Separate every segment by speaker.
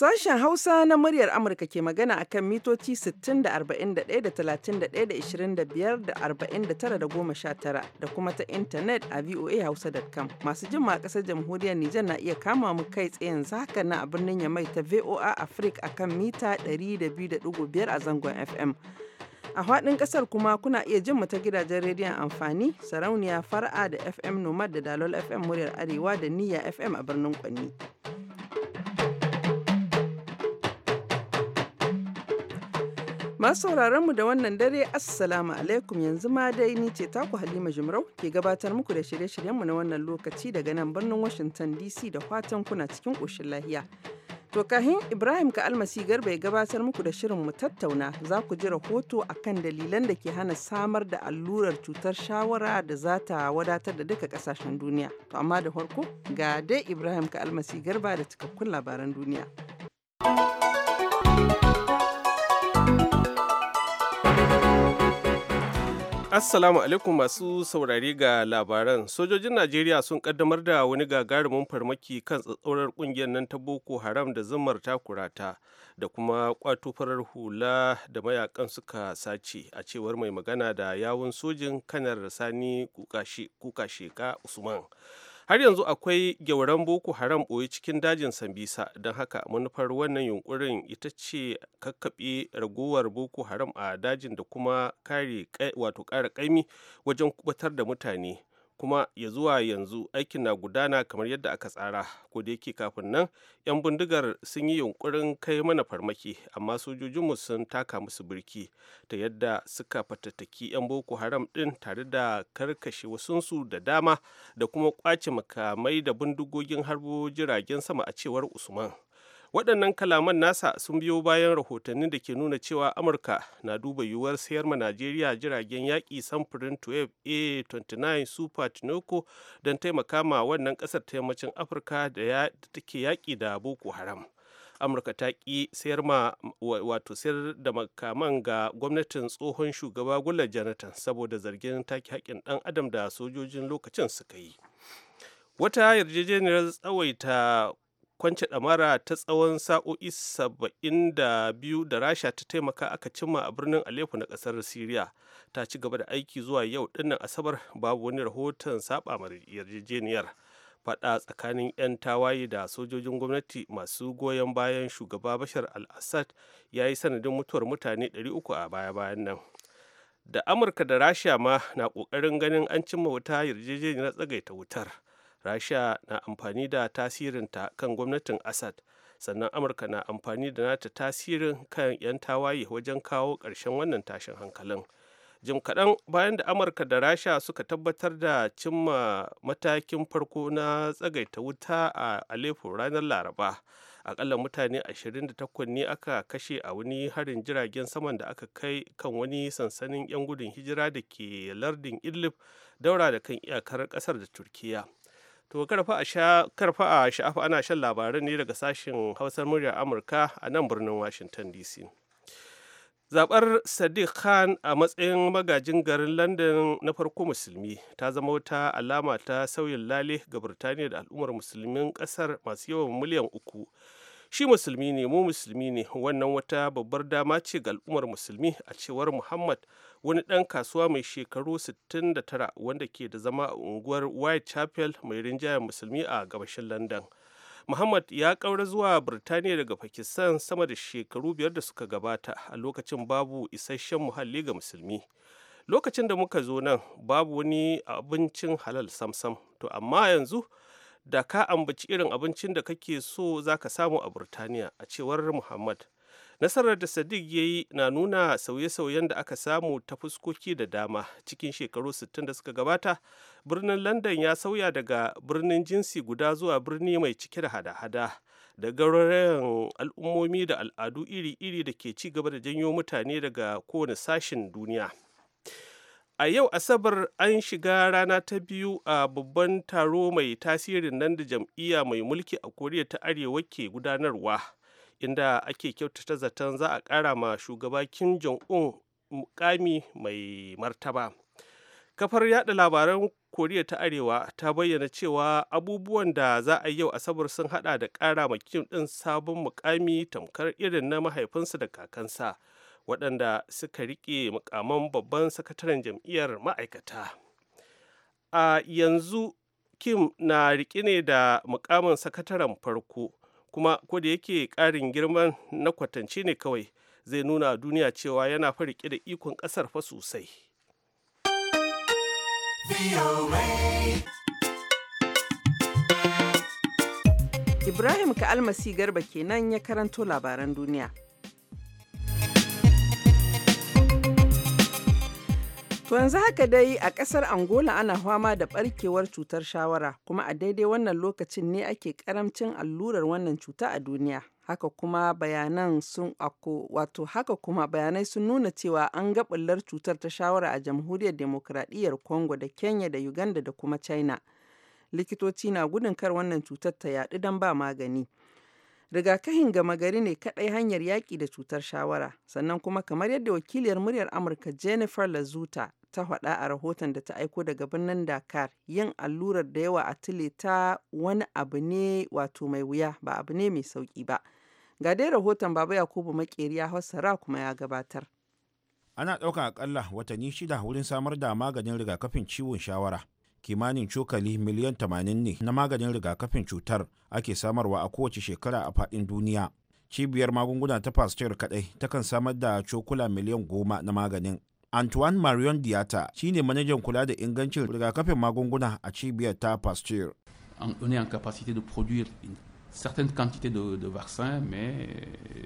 Speaker 1: Sashen Hausa na muryar Amurka ke magana a kan mitoci 60 da 41 da 31 da 25 da 49 da 19 da kuma ta intanet a voahausa.com. Masu jin ma ƙasar jamhuriyar Nijar na iya kama mu kai tsaye haka na a birnin Yamai ta VOA Africa a kan mita 102.5 a zangon FM. A faɗin ƙasar kuma kuna iya jin mu ta gidajen rediyon amfani, sarauniya fara'a da FM Nomad da Dalol FM muryar Arewa da Niyya FM a birnin Kwanni. Masu mu da wannan dare Assalamu alaikum yanzu ma dai ni ce taku Halima Jumrau ke gabatar muku da shirye-shiryenmu na wannan lokaci daga nan birnin Washington DC da fatan kuna cikin ƙoshin lahiya. To kahin Ibrahim ka almasi garba ya gabatar muku da shirin mu tattauna za ku ji rahoto a kan dalilan da ke hana samar da allurar cutar shawara da za ta wadatar da duka kasashen duniya. To amma da farko ga dai Ibrahim ka almasi garba da cikakkun labaran duniya.
Speaker 2: Assalamu alaikum masu saurari ga labaran. Sojojin Najeriya sun kaddamar da wani gagarumin farmaki kan tsatsaurar kungiyar nan ta Boko Haram da zumar takurata da kuma kwato farar hula da mayakan suka sace a cewar mai magana da yawun sojin kanar Sani Kuka Sheka Usman. har yanzu akwai gyauran boko haram ɓoye cikin dajin sambisa don haka manufar wannan yunkurin ita ce kakkaɓe ragowar boko haram a dajin da kuma kare wato ƙara ƙaimi wajen kubatar da mutane kuma ya zuwa yanzu aikin na gudana kamar yadda aka tsara ko da yake kafin nan 'yan bindigar sun yi yunkurin kai mana farmaki amma sojojinmu sun taka musu birki ta yadda suka fatattaki 'yan boko haram din tare da karkashe wasunsu da dama da kuma kwace makamai da bindigogin harbo jiragen sama a cewar usman waɗannan kalaman nasa sun biyo bayan rahotannin da ke nuna cewa amurka na duba yiwuwar sayar ma najeriya jiragen yaƙi samfurin 12a29 super tinoco don taimaka ma wannan ƙasar ta yammacin afirka da take yaƙi da boko haram amurka ta ƙi sayar ma wato sayar da makaman ga gwamnatin tsohon shugaba gula jonathan saboda zargin take haƙƙin ɗan adam da sojojin lokacin suka yi wata yarjejeniyar tsawaita kwance ɗamara ta tsawon sa'o'i saba'in da biyu da rasha ta taimaka aka cimma a birnin aleppo na kasar syria ta ci gaba da aiki zuwa yau dinnan asabar babu wani rahoton saba yarjejeniyar fada tsakanin 'yan tawaye da sojojin gwamnati masu goyon bayan shugaba bashar al-assad ya yi sanadin mutuwar mutane 300 a baya-bayan nan da amurka da rasha ma na ƙoƙarin ganin an cimma wuta yarjejeniyar tsagaita wutar rasha na amfani da tasirinta kan gwamnatin assad sannan amurka na amfani da nata tasirin kan 'yan tawaye wajen kawo ƙarshen wannan tashin hankalin jim kaɗan bayan da amurka da rasha suka tabbatar da cimma matakin farko na tsagaita wuta a aleppo ranar laraba akalla mutane 28 ne aka kashe a wani harin jiragen saman da aka kai kan wani sansanin 'yan gudun hijira da ke lardin idlib daura da kan iyakar kasar da turkiyya. To karfa a sha'afa ana shan labaran ne daga sashen hausar muryar Amurka a nan birnin Washington DC. Zaɓar Sadiq Khan a matsayin magajin garin London na farko musulmi ta zama wata alama ta sauyin lale ga Birtaniya da al'ummar musulmin kasar masu yawan miliyan uku shi musulmi ne mu musulmi ne wannan wata babbar dama ce ga al'ummar musulmi a cewar muhammad wani ɗan kasuwa mai shekaru 69 wanda ke da zama a unguwar whitechapel mai rinjayen musulmi a gabashin london muhammad ya ƙaura zuwa birtaniya daga pakistan sama da shekaru biyar da suka gabata a lokacin babu isasshen muhalli ga musulmi lokacin da muka zo nan babu wani abincin halal samsam to amma yanzu da ka ambaci irin abincin da kake so za ka samu a burtaniya a cewar muhammad nasarar da sadiq ya yi na nuna sauye-sauyen da aka samu ta fuskoki da dama cikin shekaru 60 da suka gabata birnin london ya sauya daga birnin jinsi guda zuwa birni mai cike da hada-hada da gaurayen al'ummomi da al'adu iri-iri da ke ci gaba da janyo mutane daga kowane sashen duniya a yau asabar an shiga rana ta biyu a babban taro mai tasirin nan da jam'iyya mai mulki a koriya ta arewa ke gudanarwa inda ake kyautata zaton za a ƙara ma shugaba kim jong-un mukami mai martaba kafar yada labaran koriya ta arewa ta bayyana cewa abubuwan da za a yau asabar sun hada da ƙara ma kim ɗin sabon mukami tamkar irin na mahaifinsa da kakansa waɗanda suka riƙe mukaman babban sakataren jam'iyyar ma'aikata a yanzu kim na riƙe ne da mukamin sakataren farko kuma da yake ƙarin girman na kwatance ne kawai zai nuna duniya cewa yana fa da ikon ƙasar fa sosai
Speaker 1: Ibrahim Ka'almasi Garba kenan ya karanto labaran duniya. To yanzu haka dai a ƙasar Angola ana fama da ɓarkewar cutar shawara kuma a daidai wannan lokacin ne ake ƙaramcin allurar wannan cuta a duniya. Haka kuma bayanan sun ako wato haka kuma bayanai sun nuna cewa an ga ɓullar cutar ta shawara a jamhuriyar demokradiyyar Congo da Kenya da Uganda da kuma China. Likitoci na gudun kar wannan cutar ta yaɗu don ba magani. rigakafin gama gari ne kaɗai hanyar yaƙi da cutar shawara sannan kuma kamar yadda wakiliyar muryar amurka jennifer lazuta ta faɗa a rahoton da ta aiko daga birnin Dakar yin allurar da yawa a tile ta wani abu ne wato mai wuya ba abu ne mai sauƙi ba. Ga dai rahoton Baba Yakubu Makeri ya hausara kuma ya gabatar.
Speaker 3: Ana ɗauka akalla watanni shida wurin samar da maganin rigakafin ciwon shawara. Kimanin cokali miliyan 80 ne na maganin rigakafin cutar ake samarwa a kowace shekara a faɗin duniya. Cibiyar magunguna ta Pasteur kaɗai takan samar da cokula miliyan goma na maganin. Antoine Marion Diata shine manajan kula da ingancin rigakafin magunguna a cibiyar ta Pasteur. On est en capacité de produire une certaine quantité de, de vaccins, mais euh,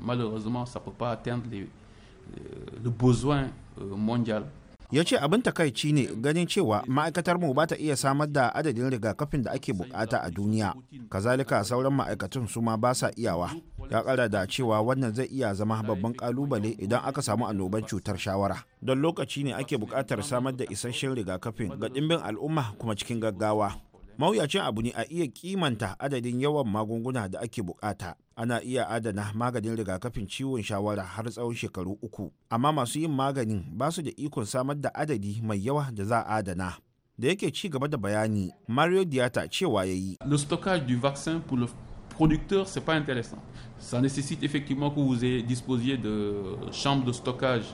Speaker 3: malheureusement, ça ne peut pas atteindre les, euh, le besoin euh, mondial. ya ce abin takaici ne ganin cewa ma'aikatar mu bata iya samar da adadin rigakafin da ake bukata a duniya kazalika sauran ma'aikatun su ma ba sa iyawa ya kara da cewa wannan zai iya zama babban kalubale idan aka samu annoban cutar shawara don lokaci ne ake bukatar samar da isasshen rigakafin ga dimbin al'umma kuma cikin gaggawa mawuyacin abu ne a iya kimanta adadin yawan magunguna da ake bukata ana iya adana maganin rigakafin ciwon shawara har tsawon shekaru uku amma masu yin maganin ba su da ikon samar da adadi mai yawa da za a adana da yake ci gaba da bayani mario diata cewa ya yi le stockage du vaccin pour le producteur c'est pas intéressant ça nécessite effectivement que vous disposiez de chambre de stockage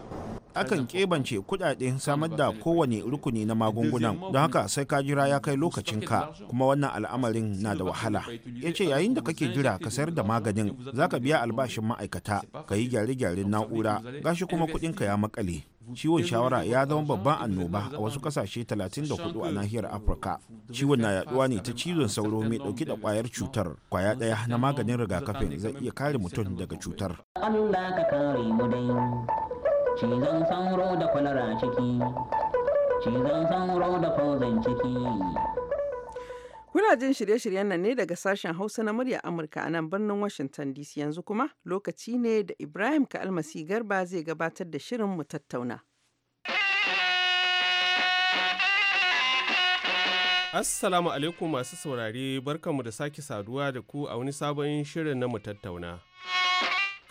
Speaker 3: akan kebance kudaden samar da kowane rukuni na magungunan don haka sai ka jira ya kai lokacin ka kuma wannan al'amarin na da wahala ya ce yayin da kake jira ka sayar da maganin za ka biya albashin ma'aikata ka yi gyare-gyaren na'ura gashi kuma ka ya makale ciwon shawara ya zama babban annoba a wasu kasashe 34 a nahiyar afirka ciwon na yaduwa ne ta cizon sauro mai dauke da kwayar cutar kwaya daya na maganin rigakafin zai iya kare mutum daga cutar
Speaker 1: cizon sauro da kwalara ciki cizon sauro da fauzan ciki Kuna jin shirye-shiryen nan ne daga sashen Hausa na murya Amurka a nan birnin Washington DC yanzu kuma lokaci ne da Ibrahim kalmasi Garba zai gabatar da shirin mu tattauna.
Speaker 2: Assalamu alaikum masu saurare barkanmu da sake saduwa da ku a wani sabon shirin na mu tattauna.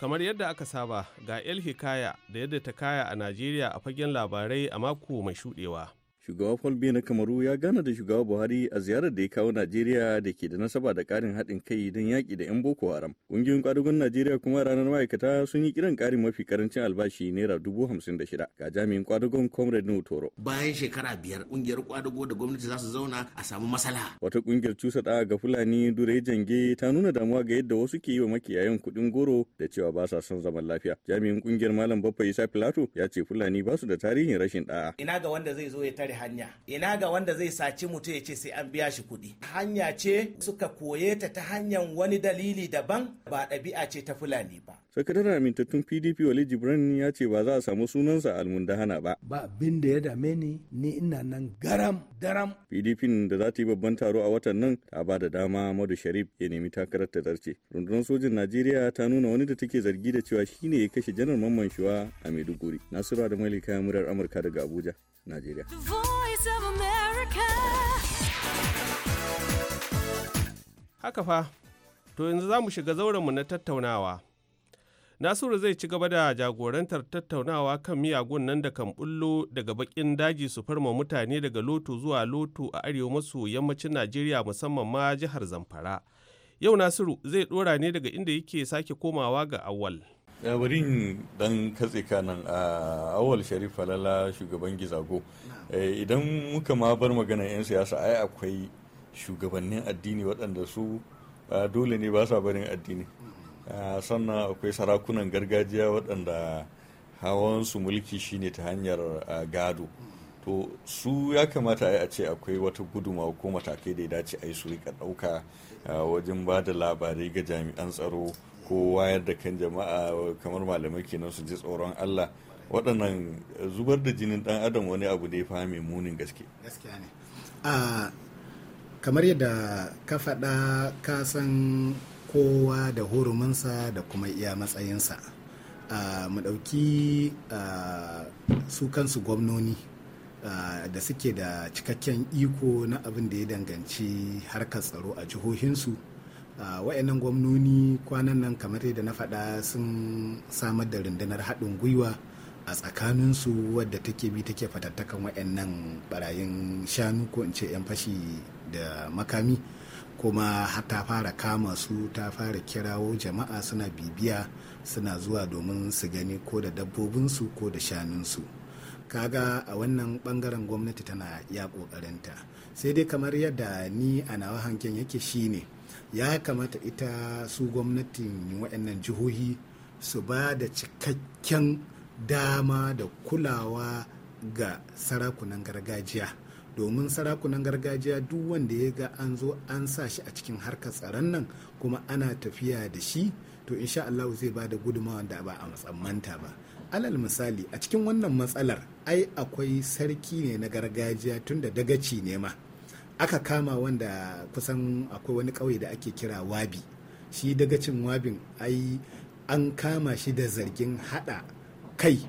Speaker 2: kamar yadda aka saba ga el hikaya da yadda ta kaya a najeriya a fagen labarai a mako mai shudewa shugaba
Speaker 4: paul biya na kamaru ya gana da shugaba buhari a ziyarar da ya kawo najeriya da ke da nasaba da karin haɗin kai don yaƙi da 'yan boko haram ƙungiyoyin ƙwadugun najeriya kuma ranar ma'aikata sun yi kiran ƙarin mafi karancin albashi naira dubu hamsin da shida ga jami'in ƙwadugun comrade nuhu toro
Speaker 5: bayan shekara biyar ƙungiyar ƙwadugo da gwamnati za su zauna a samu masala
Speaker 4: wata ƙungiyar cusa ɗa ga fulani dure jange ta nuna damuwa ga yadda wasu ke yi wa makiyayan kuɗin goro da cewa ba sa son zaman lafiya jami'in ƙungiyar malam baffa isa filato ya ce fulani ba su da tarihin rashin ɗa'a
Speaker 5: ina ga wanda zai zo ya tare share hanya ina ga wanda zai saci mutum ya ce sai an biya shi kuɗi hanya ce suka koye ta ta hanyar wani dalili daban ba ɗabi'a ce ta fulani ba
Speaker 4: sakataren amintattun pdp wali jibran ya ce ba za a samu sunansa almundahana ba
Speaker 6: ba abin da ya dame ni ni ina nan
Speaker 4: garam daram pdp da za ta yi babban taro a watan nan ta ba da dama madu sharif ya nemi takarar ta zarce rundunar sojin najeriya ta nuna wani da take zargi da cewa shine ya kashe janar mamman shuwa a maiduguri nasiru da malika murar amurka daga abuja najeriya
Speaker 2: Haka fa, to yanzu za mu shiga zaurenmu na tattaunawa. Nasiru zai ci gaba da jagorantar tattaunawa kan miyagun nan da kan bullo daga bakin daji su farma mutane daga loto zuwa loto a arewa maso yammacin Najeriya musamman ma jihar Zamfara. Yau Nasiru zai dora ne daga inda yake sake komawa ga awal. bari dan
Speaker 4: katse kanan a awal sharif falala shugaban gizago eh, idan muka ma bar magana 'yan siyasa ai akwai shugabannin addini waɗanda su dole ne ba sa barin addini sannan akwai sarakunan gargajiya waɗanda su mulki shine ta hanyar gado hmm. to su ya kamata a ce akwai wata guduma ko matakai da ya dace a yi su rika ɗauka wajen ba da labarai ga jami'an tsaro ko wayar da kan jama'a kamar malamai kenan su ji tsoron Allah waɗannan zubar da jinin ɗan adam wani abu ne fa mai munin gaske
Speaker 5: kamar yadda ka faɗa ka san kowa da huruminsa da kuma iya matsayinsa mu ɗauki su kansu gwamnoni da suke da cikakken iko na abin da ya danganci harkar tsaro a jihohinsu wa'annan gwamnoni kwanan nan kamar yadda na faɗa sun samar da rundunar haɗin gwiwa a tsakaninsu wadda take bi take fatattakan wa'annan barayin shanu ko in ce 'yan fashi da makami kuma ta fara kama su ta fara kirawo jama'a suna bibiya suna zuwa domin su gani ko da dabbobinsu ko da shanunsu kaga a wannan bangaren gwamnati tana ya kokarinta sai dai kamar yadda ni a nawa hanken yake shine ya kamata ita su gwamnatin waɗannan jihohi su ba da cikakken dama da kulawa ga sarakunan gargajiya domin sarakunan gargajiya duk wanda ya ga an zo an sa shi a cikin harkar tsaron nan kuma ana tafiya da shi to insha Allah zai ba da gudunmawa da ba a matsammanta ba alal misali a cikin wannan matsalar ai akwai sarki ne na gargajiya tun da dagaci ne ma aka kama wanda kusan akwai wani ƙauye da ake kira wabi shi daga cin wabin ai an kama shi da zargin haɗa kai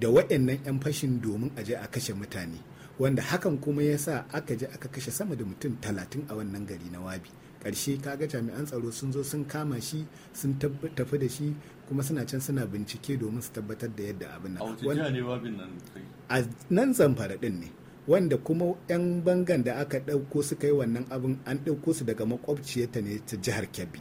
Speaker 5: da waɗannan 'yan fashin domin a je a kashe mutane wanda hakan kuma ya sa aka je aka kashe sama da mutum talatin a wannan gari na wabi ƙarshe kaga jami'an tsaro sun zo sun kama shi sun tafi da shi kuma suna can suna bincike domin su tabbatar da yadda abin nan a nan zamfara ɗin ne wanda kuma 'yan bangan da aka ɗauko suka yi wannan abin an ɗauko su daga makwabciyarta ne ta jihar kebbi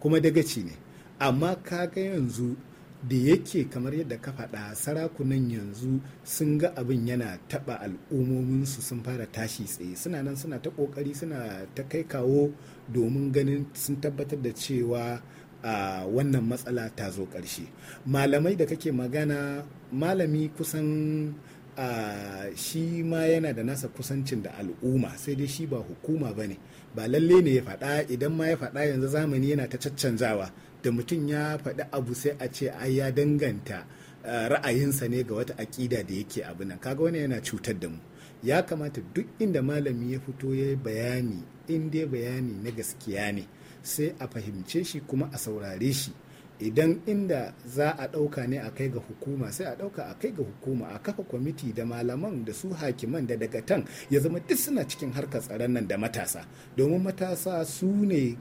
Speaker 5: kuma dagaci ne amma kaga yanzu da yake kamar yadda ka faɗa sarakunan yanzu sun ga abin yana taɓa al'ummominsu sun fara tashi tsaye suna nan suna ta ƙoƙari suna ta kai kawo domin ganin sun tabbatar da cewa a wannan matsala ta zo ƙarshe malamai da kake magana malami kusan a shi ma yana da nasa kusancin da al'umma sai dai shi ba hukuma ba ne ba lalle ne ya faɗa idan ma ya faɗa yanzu zamani yana ta caccanzawa da mutum ya faɗi abu sai a ce ai ya danganta ra'ayinsa ne ga wata aƙida da yake abu nan kaga wani yana cutar da mu ya kamata duk inda malami ya fito ya yi bayani in dai bayani na gaskiya ne sai a fahimce shi kuma a saurare shi idan inda za a ɗauka ne a kai ga hukuma sai a ɗauka a kai ga hukuma a kafa kwamiti da malaman da su hakiman da tan ya zama duk suna cikin harkar tsaron nan da matasa domin matasa su ne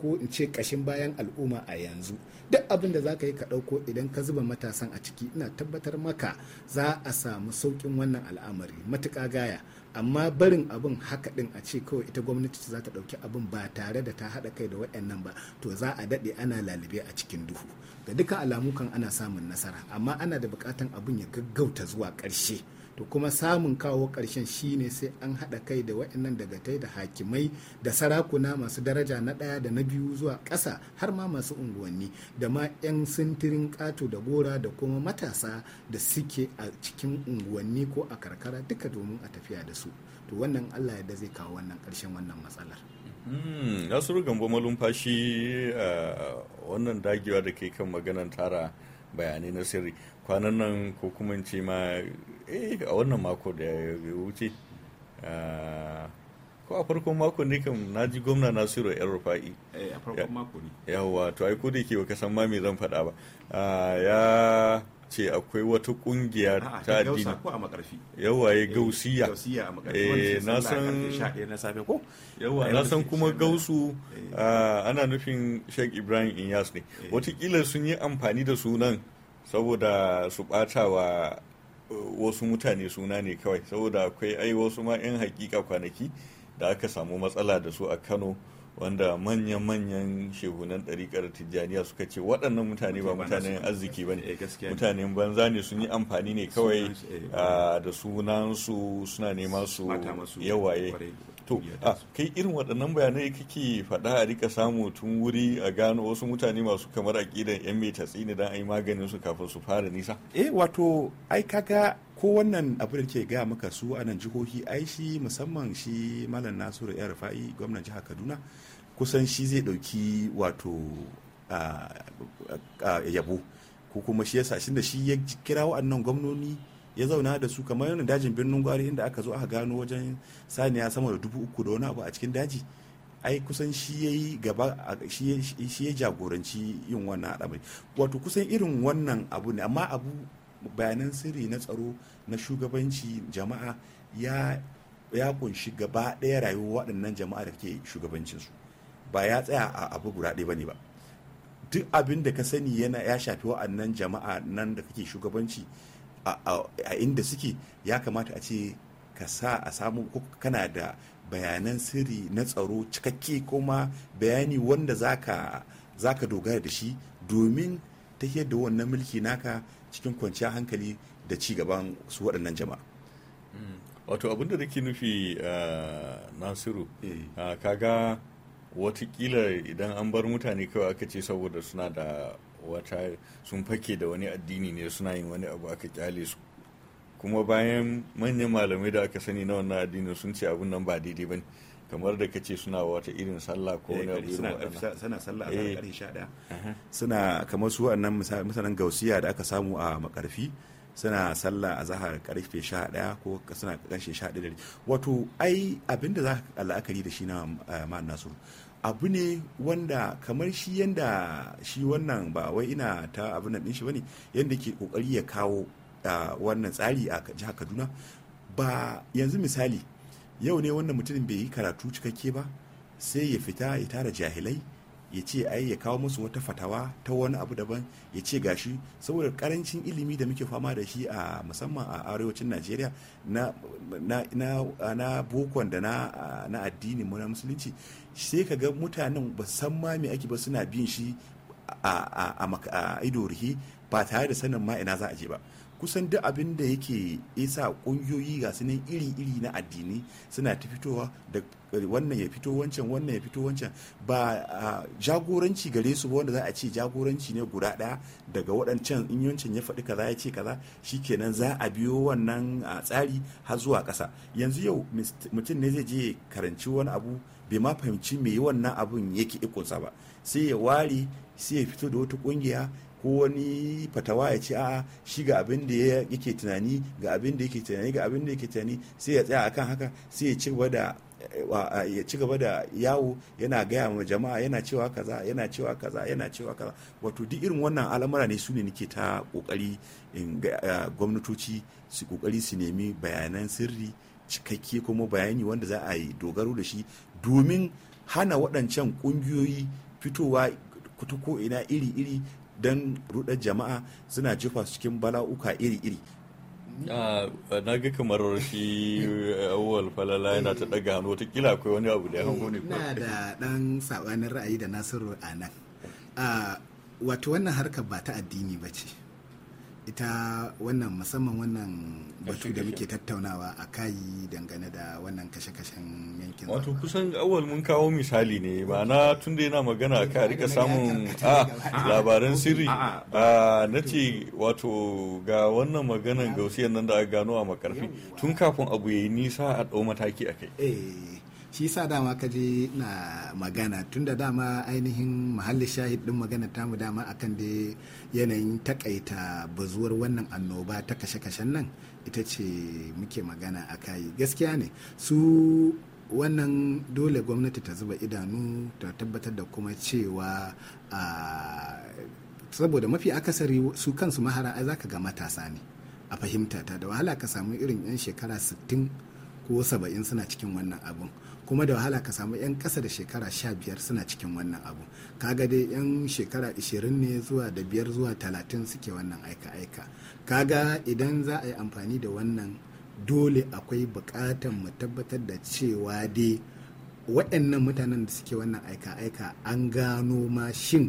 Speaker 5: ko in ce kashin bayan al'umma a yanzu duk abin da za ka yi ka ɗauko idan ka zuba matasan a ciki ina tabbatar maka za a samu sauƙin wannan al'amari matuka gaya amma barin abin haka din a ce kawai ita gwamnati za ta ɗauki abin ba tare da ta haɗa kai da waɗannan ba to za a daɗe ana lalube a cikin duhu da dukkan alamu kan ana samun nasara amma ana da bukatan abin ya gaggauta zuwa ƙarshe to kuma samun kawo ƙarshen shine sai an haɗa kai da waɗannan tai da hakimai da sarakuna masu daraja na ɗaya da na biyu zuwa ƙasa har ma masu unguwanni da ma 'yan sintirin ƙato da gora da kuma matasa da suke a cikin unguwanni ko a karkara duka domin a tafiya da su to wannan allah da zai kawo wannan karshen wannan matsalar
Speaker 4: hmm, nasiru gambo malumfashi eh, wannan dagewa da ke kan maganan tara bayanai na sirri kwanan nan ko kuma ce ma eh a wannan mako da ya wuce ko a farkon mako ne kam na ji gwamna nasiru yan rufa'i eh, a yawa to ai ko da ke ba san ma me zan faɗa ba ya ce akwai wata kungiya ta addini yawa ya eh, gausiya eh, na san
Speaker 6: yawa na san
Speaker 4: kuma gausu ana nufin sheikh ibrahim inyas ne watakila sun yi amfani da sunan saboda su bata wa wasu mutane suna ne kawai saboda akwai ai wasu ma 'yan hakika kwanaki da aka samu matsala da su a kano wanda manyan-manyan shehunan ɗariƙar tijjaniya suka ce waɗannan mutane ba mutanen arziki ba eh, ne mutanen banza ne sun yi amfani ne kawai eh. ah, da sunansu suna neman su yawaye to kai irin waɗannan bayanai kake faɗa a rika samu tun wuri a gano wasu mutane masu kamar aƙidan yan mai tatsi ne don a yi maganin su kafin su fara nisa
Speaker 6: eh wato ai kaga ko wannan abu da ke gaya maka su a nan jihohi ai shi musamman shi malam nasiru yan rufa'i gwamnan jihar kaduna kusan shi zai ɗauki wato yabo ko kuma shi yasa shi da shi ya kira waɗannan gwamnoni ya zauna da su kamar yanin dajin birnin gwari inda aka zo aka gano wajen saniya sama da dubu uku da wani abu a cikin daji ai kusan shi ya yi gaba shi ya jagoranci yin wannan al'amari wato kusan irin wannan abu ne amma abu bayanan sirri na tsaro na shugabanci jama'a ya ya kunshi gaba ɗaya rayuwar waɗannan jama'a da ke shugabancinsu ba ya tsaya a abu guda ɗaya ba ne ba duk abin da ka sani yana ya shafi waɗannan jama'a nan da kake shugabanci a inda suke ya kamata a ce ka sa a samu kana da bayanan sirri na tsaro cikakke kuma bayani wanda za ka dogara da shi domin ta da wannan mulki naka cikin kwanciyar hankali da ci gaban su waɗannan jama'a hmm.
Speaker 4: wato abin da nake nufi eh, nasiru eh. ah, kaga watakila idan an bar mutane kawai aka ce saboda suna da wata sun fake da wani addini ne suna yin wani abu aka kyale su kuma bayan manyan malamai da aka sani na wannan addini sun ce abun nan ba daidai ba kamar da kace suna wata irin sallah ko wani eh, abu irin
Speaker 6: suna sallah a eh. karfe 11 suna kamar su wannan misalan gausiya da aka samu a makarfi suna sallah a zahar karfe 11 ko suna karshe 11 wato ai abinda za ka la'akari da shi na eh, ma'an su. abu ne wanda kamar shi yanda shi wannan ba wai ina ta abin nan shi bane yanda ke kokari ya kawo wannan tsari a jiha kaduna ba yanzu misali yau ne wannan mutumin bai yi karatu cikakke ba sai ya fita ya tara jahilai ya ce ai ya kawo musu wata fatawa ta wani abu daban ya ce gashi saboda karancin ilimi da muke fama da shi a musamman a arewacin najeriya na bukon da na addinin mu na musulunci sai ka ga mutanen ba san ma me ake ba suna bin shi a ido rihi ba tare da sanin ma ina za a je ba kusan duk abin da yake isa kungiyoyi ga su iri-iri na addini suna ta fitowa da wannan ya fito wancan wannan ya fito wancan ba jagoranci gare su ba wanda za a ce jagoranci ne guda ɗaya daga waɗancan in yancin ya faɗi kaza ya ce kaza shi shikenan za a biyo wannan tsari har zuwa ƙasa yanzu yau mutum ne zai je karanci wani abu bai ma fahimci me wannan abun yake ikonsa ba sai ya ware sai ya fito da wata kungiya ko wani fatawa ya ce a shi ga abin da yake tunani ga abin da yake tunani ga abin da yake tunani sai ya tsaya akan haka sai ya ci gaba da ya ci gaba da yawo yana gaya ma jama'a yana cewa kaza yana cewa kaza yana cewa kaza wato duk irin wannan al'amura ne su ne nake ta kokari in gwamnatoci su kokari su nemi bayanan sirri cikakke kuma bayani wanda za a yi dogaro da shi domin hana waɗancan ƙungiyoyi fitowa ta ko ina iri-iri don rudar jama'a suna jefa su cikin bala'uka iri-iri
Speaker 4: ah, na ga kamar shi eh, awwal falala yana ta daga hannu watakila akwai wani abu da ya hango ne eh, na da
Speaker 5: dan sabanin ra'ayi da nasiru a nan ah, wato wannan harkar ba ta addini ba ce ita wannan musamman wannan batu da muke tattaunawa a kayi dangane da wannan kashe-kashen
Speaker 4: yankin wato kusan awal mun kawo misali ne ba na tun da yana magana ka rika samun labaran sirri na ce wato ga wannan maganan gausiyar nan da aka gano a makarfi tun kafin abu ya yi nisa a ɗau mataki a kai eh.
Speaker 5: shi sa dama ka je na magana tunda dama ainihin mahallin shahid din magana ta mu dama akan da yanayin takaita bazuwar wannan annoba ta kashe-kashen nan ita ce muke magana a kai gaskiya ne su wannan dole gwamnati ta zuba idanu ta tabbatar da kuma cewa a saboda mafi akasari su kansu mahara ai zaka ga matasa ne a fahimta ta da wahala ka samu irin 'yan shekara sittin. ko saba'in suna cikin wannan abun kuma da wahala ka samu 'yan kasa da shekara sha biyar suna cikin wannan abu kaga dai 'yan shekara ishirin ne zuwa da biyar zuwa talatin suke wannan aika-aika kaga idan za a yi amfani da wannan dole akwai buƙatar mu tabbatar da cewa dai waɗannan mutanen da suke wannan aika-aika an gano ma shin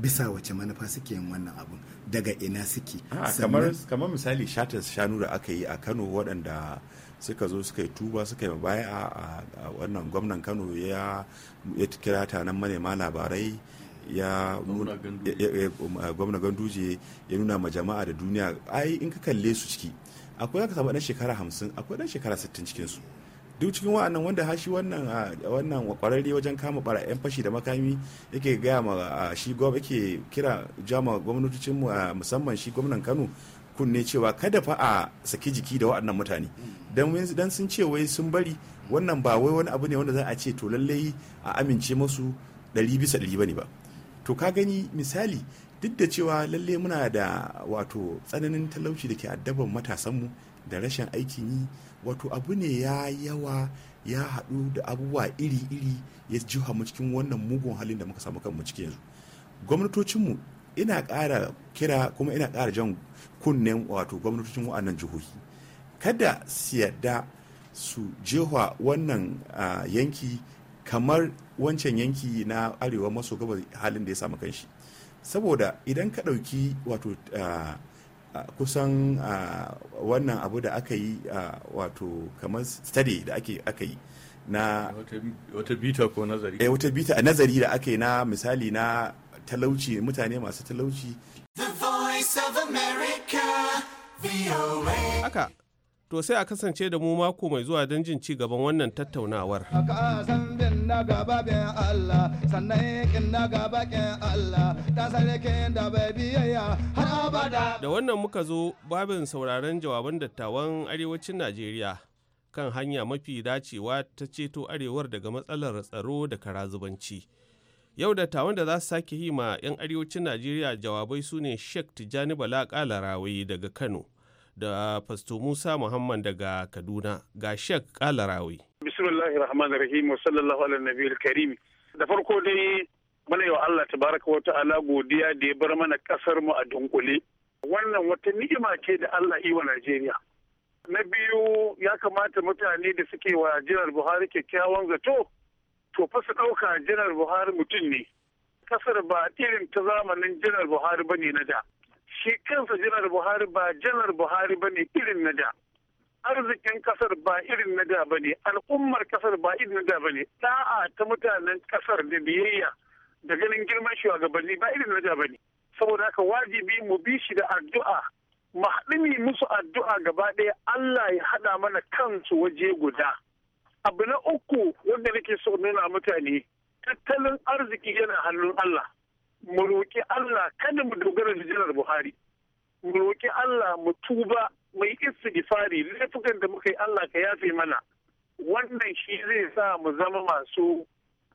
Speaker 5: bisa wace manufa suke yin wannan abun daga ina suke kamar
Speaker 6: misali shatan shanu da aka yi a kano waɗanda suka zo suka yi tuba suka yi baya a wannan gwamnan kano ya kira tanan manema labarai ya gwamna ganduje ya nuna ma jama'a da duniya ai in ka kalle su ciki akwai aka samu dan shekara hamsin akwai dan shekara sittin cikin su duk cikin wa'annan wanda hashi wannan wannan kwararre wajen kama bara yan fashi da makami yake gaya ma shi gwamnati yake kira jama gwamnatocin mu musamman shi gwamnan Kano kunne cewa kada fa a saki jiki da waɗannan mutane dan sun ce wai sun bari wannan ba wai wani abu ne wanda za a ce to lallai a amince masu ɗari bisa ɗari bane ba to ka gani misali duk da cewa lallai muna da wato tsananin talauci da ke addaban matasanmu da rashin aikin yi wato abu ne ya yawa ya haɗu da abubuwa iri-iri ya jiha mu cikin wannan mugun halin da muka samu kanmu ciki yanzu gwamnatocinmu ina ƙara kira kuma ina ƙara jan kunnen wato gwamnatocin wa'annan jihohi kada su yadda su jewa wannan yanki kamar wancan yanki na arewa maso gabas halin da ya samu kanshi saboda idan ka ɗauki wato kusan wannan abu da aka yi wato kamar study da aka yi na wata bita ko nazari eh wata bita a nazari da aka yi na misali
Speaker 2: na talauci mutane masu talauci Aka, to sai a kasance da mu mako mai zuwa don jin ci gaban wannan tattaunawar da wannan muka zo babin sauraron jawaban dattawan arewacin najeriya kan hanya mafi dacewa ta ceto arewar daga matsalar tsaro da karazubanci. Yau da dattawan da za su sake hima 'yan arewacin Najeriya jawabai su ne Sheikh Tijjani Bala Kalarawi daga Kano da Fasto Musa Muhammad daga Kaduna ga Sheikh kalarawai
Speaker 7: bismillahi rahman Rahim wa sallallahu ala karim. Da farko dai mana yi wa Allah baraka wata ala godiya da ya bar mana kasar mu a dunkule. Wannan wata ni'ima ce da Allah yi wa Najeriya. Na biyu ya kamata mutane da suke wa jiran Buhari kyakkyawan zato to fa su ɗauka janar buhari mutum ne kasar ba irin ta zamanin janar buhari ba ne na da shi kansa janar buhari ba janar buhari ba ne irin na da arzikin kasar ba irin na da ba ne al'ummar kasar ba irin na da ba ne da'a ta mutanen kasar da biyayya da ganin girman shugabanni ba irin na da ba ne saboda haka wajibi mu bi shi da addu'a mu haɗu musu addu'a gaba ɗaya Allah ya haɗa mana kansu waje guda abu na uku wanda nake so nuna mutane tattalin arziki yana hannun Allah mu roƙi Allah kada mu dogara da janar Buhari mu roƙi Allah mu tuba mai istighfari laifukan da muka yi Allah ka yafe mana wannan shi zai sa mu zama masu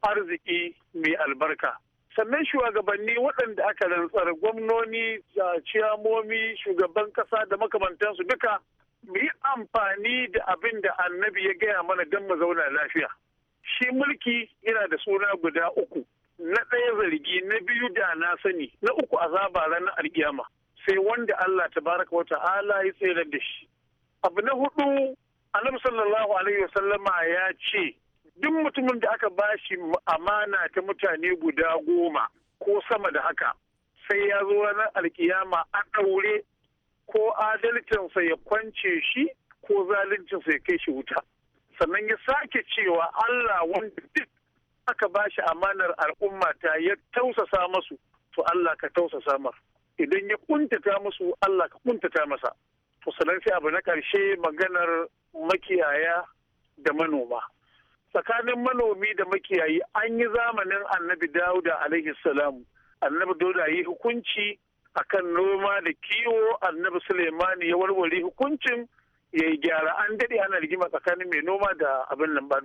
Speaker 7: arziki mai albarka sannan shugabanni waɗanda aka rantsar gwamnoni ciyamomi shugaban ƙasa da makamantansu duka mu yi amfani da abin da annabi ya gaya mana don mu zauna lafiya shi mulki yana da suna guda uku na ɗaya zargi na biyu da na sani na uku a azaba ranar alƙiyama. sai wanda Allah ta baraka wa ta'ala ya tsere da shi abu na hudu annabi sallallahu alaihi wasallama ya ce duk mutumin da aka bashi amana ta mutane guda goma ko sama da haka sai ya zo ranar alƙiyama a ɗaure ko adalcinsa ya kwance shi ko zaluncinsa ya kai shi wuta sannan ya sake cewa Allah wanda duk aka ba shi amanar al'umma ta ya tausasa masu to Allah ka tausasa mar idan ya kuntata musu Allah ka kuntata masa to sannan sai abu na karshe maganar makiyaya da manoma tsakanin manomi da makiyayi an yi zamanin annabi dauda alaihi salam annabi dauda yi hukunci akan noma da kiwo annabi suleimani ya warware hukuncin ya yi gyara an daɗe ana rigima tsakanin mai noma da abin nan ba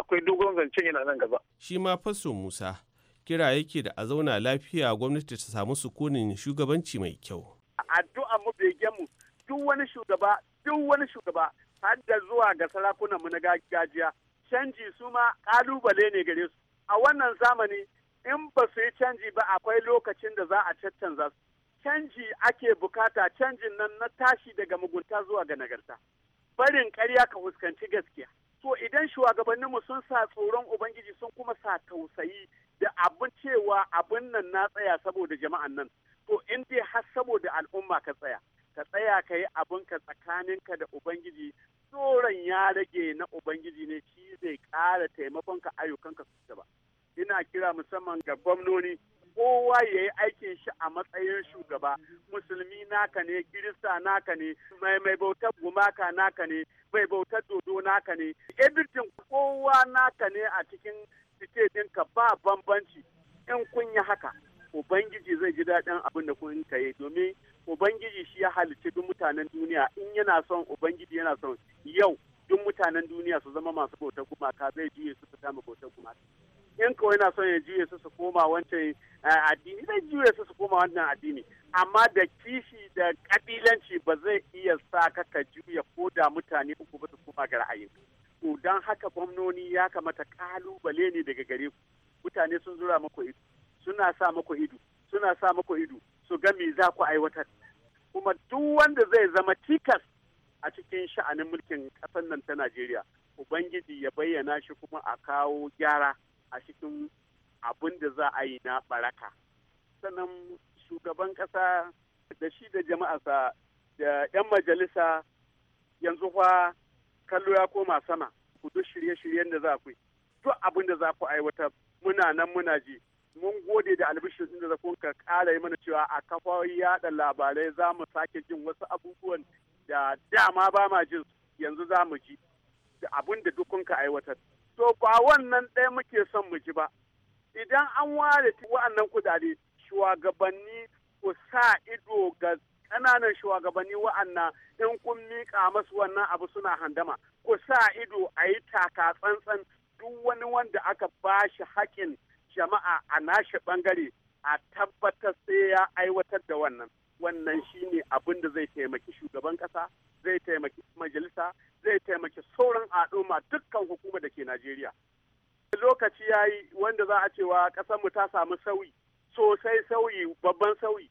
Speaker 7: akwai dogon zancen yana nan gaba.
Speaker 2: shi ma faso musa kira yake da a zauna lafiya gwamnati ta samu sukunin shugabanci mai kyau.
Speaker 8: addu'a mu mu duk wani shugaba duk wani shugaba har da zuwa ga sarakunan mu na gajiya, canji su ma kalubale ne gare su a wannan zamani in ba su yi canji ba akwai lokacin da za a caccanza su canji ake bukata canjin nan na tashi daga mugunta zuwa ga nagarta barin karya ka fuskanci gaskiya to idan shugabanninmu sun sa tsoron ubangiji sun kuma sa tausayi da abin cewa abin nan na tsaya saboda jama'an nan to in dai har saboda al'umma ka tsaya ka tsaya ka yi ka tsakaninka da ubangiji tsoron ya rage na ubangiji ne shi zai ƙara taimakonka ayyukanka su ba ina kira musamman ga gwamnoni kowa ya yi aikin shi a matsayin shugaba musulmi naka ne kirista naka ne mai mai bautar gumaka naka ne mai bautar dodo naka ne everything kowa naka ne a cikin ɗinka ba bambanci in kun yi haka ubangiji zai ji daɗin abin da kun ka yi domin ubangiji shi ya halicci duk mutanen duniya in yana son ubangiji yana son yau duk mutanen duniya su zama masu bautar gumaka zai juye su fita ma bautar gumaka in kawai na son ya juya su su koma wancan eh, addini zai juya su su koma wannan addini amma da kishi da kabilanci ba zai iya sa ka ka juya ko da mutane uku ba su koma ga ra'ayin to dan haka gwamnoni ya kamata kalubale ne daga gare ku mutane sun zura mako ido suna sa muku ido suna sa mako ido su ga me za ku aiwatar kuma duk wanda zai zama tikas a cikin sha'anin mulkin ƙasar nan ta Najeriya ubangiji ya bayyana shi kuma a kawo gyara a cikin abin da za a yi na baraka sannan shugaban ƙasa da shi da jama'arsa da 'yan majalisa yanzu fa kallo ya koma sama ku duk shirye-shiryen da za ku yi duk abin da za ku aiwatar muna nan muna ji mun gode da albishirin da kun kara yi mana cewa a kafa yaɗa labarai za mu sake jin wasu abubuwan da dama ba ma jin yanzu za mu ji da abin da duk aiwatar to ba wannan ɗaya muke son mu ji ba idan an ware wa'annan kudade shugabanni ku sa ido ga ƙananan shugabanni wa'annan in kun miƙa masu wannan abu suna handama ku sa ido a yi taka tsantsan duk wani wanda aka bashi shi jama'a a nashi ɓangare a tabbatar sai ya aiwatar da wannan wannan shine abin da zai taimaki shugaban kasa zai taimaki majalisa zai taimaki sauran al'umma dukkan hukuma da ke najeriya lokaci ya yi wanda za a cewa ƙasarmu ta samu sauyi sosai sauyi babban sauyi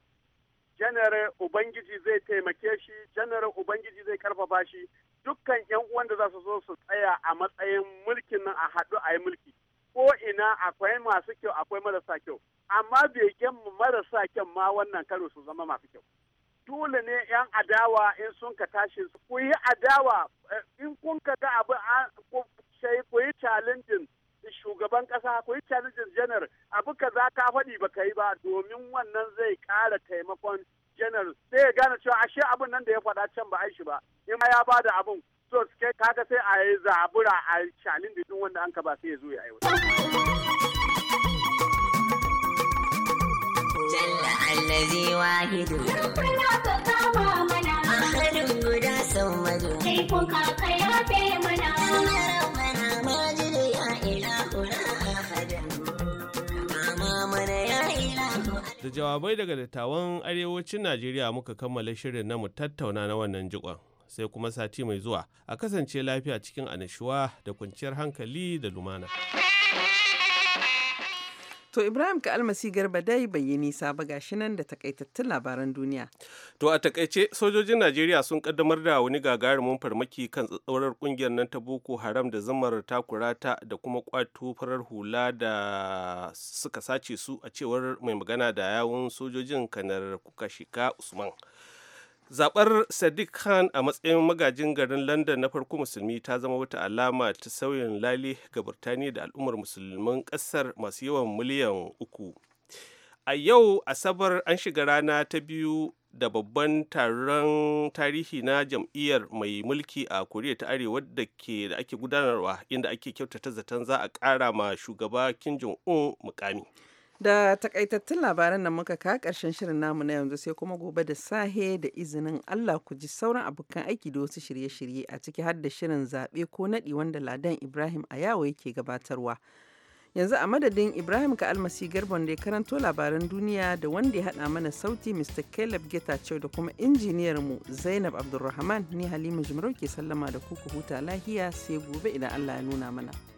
Speaker 8: janar ubangiji zai taimake shi janaral ubangiji zai karfafa shi dukkan yan uwan da za su zo su tsaya a matsayin mulkin nan a haɗu a yi mulki ko ina akwai masu kyau akwai marasa kyau amma begen mu marasa kyau ma wannan karo su zama masu kyau dole ne yan adawa in sun ka tashi ku yi adawa eh, in kun ka ga abu ku yi challenging shugaban kasa ku yi challenging janar abu za ka faɗi ba ka yi ba domin wannan zai ƙara taimakon janar sai ya gane cewa ashe abun nan da ya faɗa can ba aishi ba in ya bada abun. so suke kaga sai a yi zabura a shanin
Speaker 7: da wanda an ka ba sai ya zo ya aiwata. Jalla allazi wahidu.
Speaker 1: Kuna ka kama mana. Ahadun guda sau madu. Sai kuka kayafe mana. Mana majidu ya ilahuna ahadan. Mama mana ya ilahuna.
Speaker 2: Da jawabai daga dattawan arewacin Najeriya muka kammala shirin na mu tattauna na wannan jikon. sai kuma sati mai zuwa a kasance lafiya cikin anishuwa da kwanciyar hankali da lumana.
Speaker 1: To Ibrahim ka almasi garba dai bai nisa ba gashi nan da takaitattun labaran duniya.
Speaker 2: To a takaice sojojin Najeriya sun kaddamar da wani gagarumin farmaki kan tsatsaurar kungiyar nan ta Boko Haram da zamar takurata da kuma kwato farar hula da suka sace su a cewar mai magana da yawun sojojin kanar kuka shika Usman. zabar sadiq khan a matsayin magajin garin london na farko musulmi ta zama wata alama ta sauyin lali ga birtaniya da al'ummar musulman kasar masu yawan miliyan uku a yau asabar an shiga rana ta biyu da babban taron tarihi na jam'iyyar mai mulki a koriya ta arewa da ke da ake gudanarwa inda ake kyautata zaton za a kara ma shugaba kim jong-un mukami
Speaker 1: Da takaitattun labaran da muka ka karshen shirin namu na yanzu sai kuma gobe da sahe da izinin Allah ku ji sauran abokan aiki da wasu shirye-shirye a ciki har da shirin zaɓe ko naɗi wanda Ladan Ibrahim a yawo yake gabatarwa. Yanzu a madadin Ibrahim ka almasi garban da ya karanto labaran duniya da wanda ya haɗa mana sauti Mr. Caleb ce da kuma injiniyar mu Zainab Abdulrahman ni Halima Jumarau ke sallama da ku ku huta lahiya sai gobe idan Allah ya nuna mana.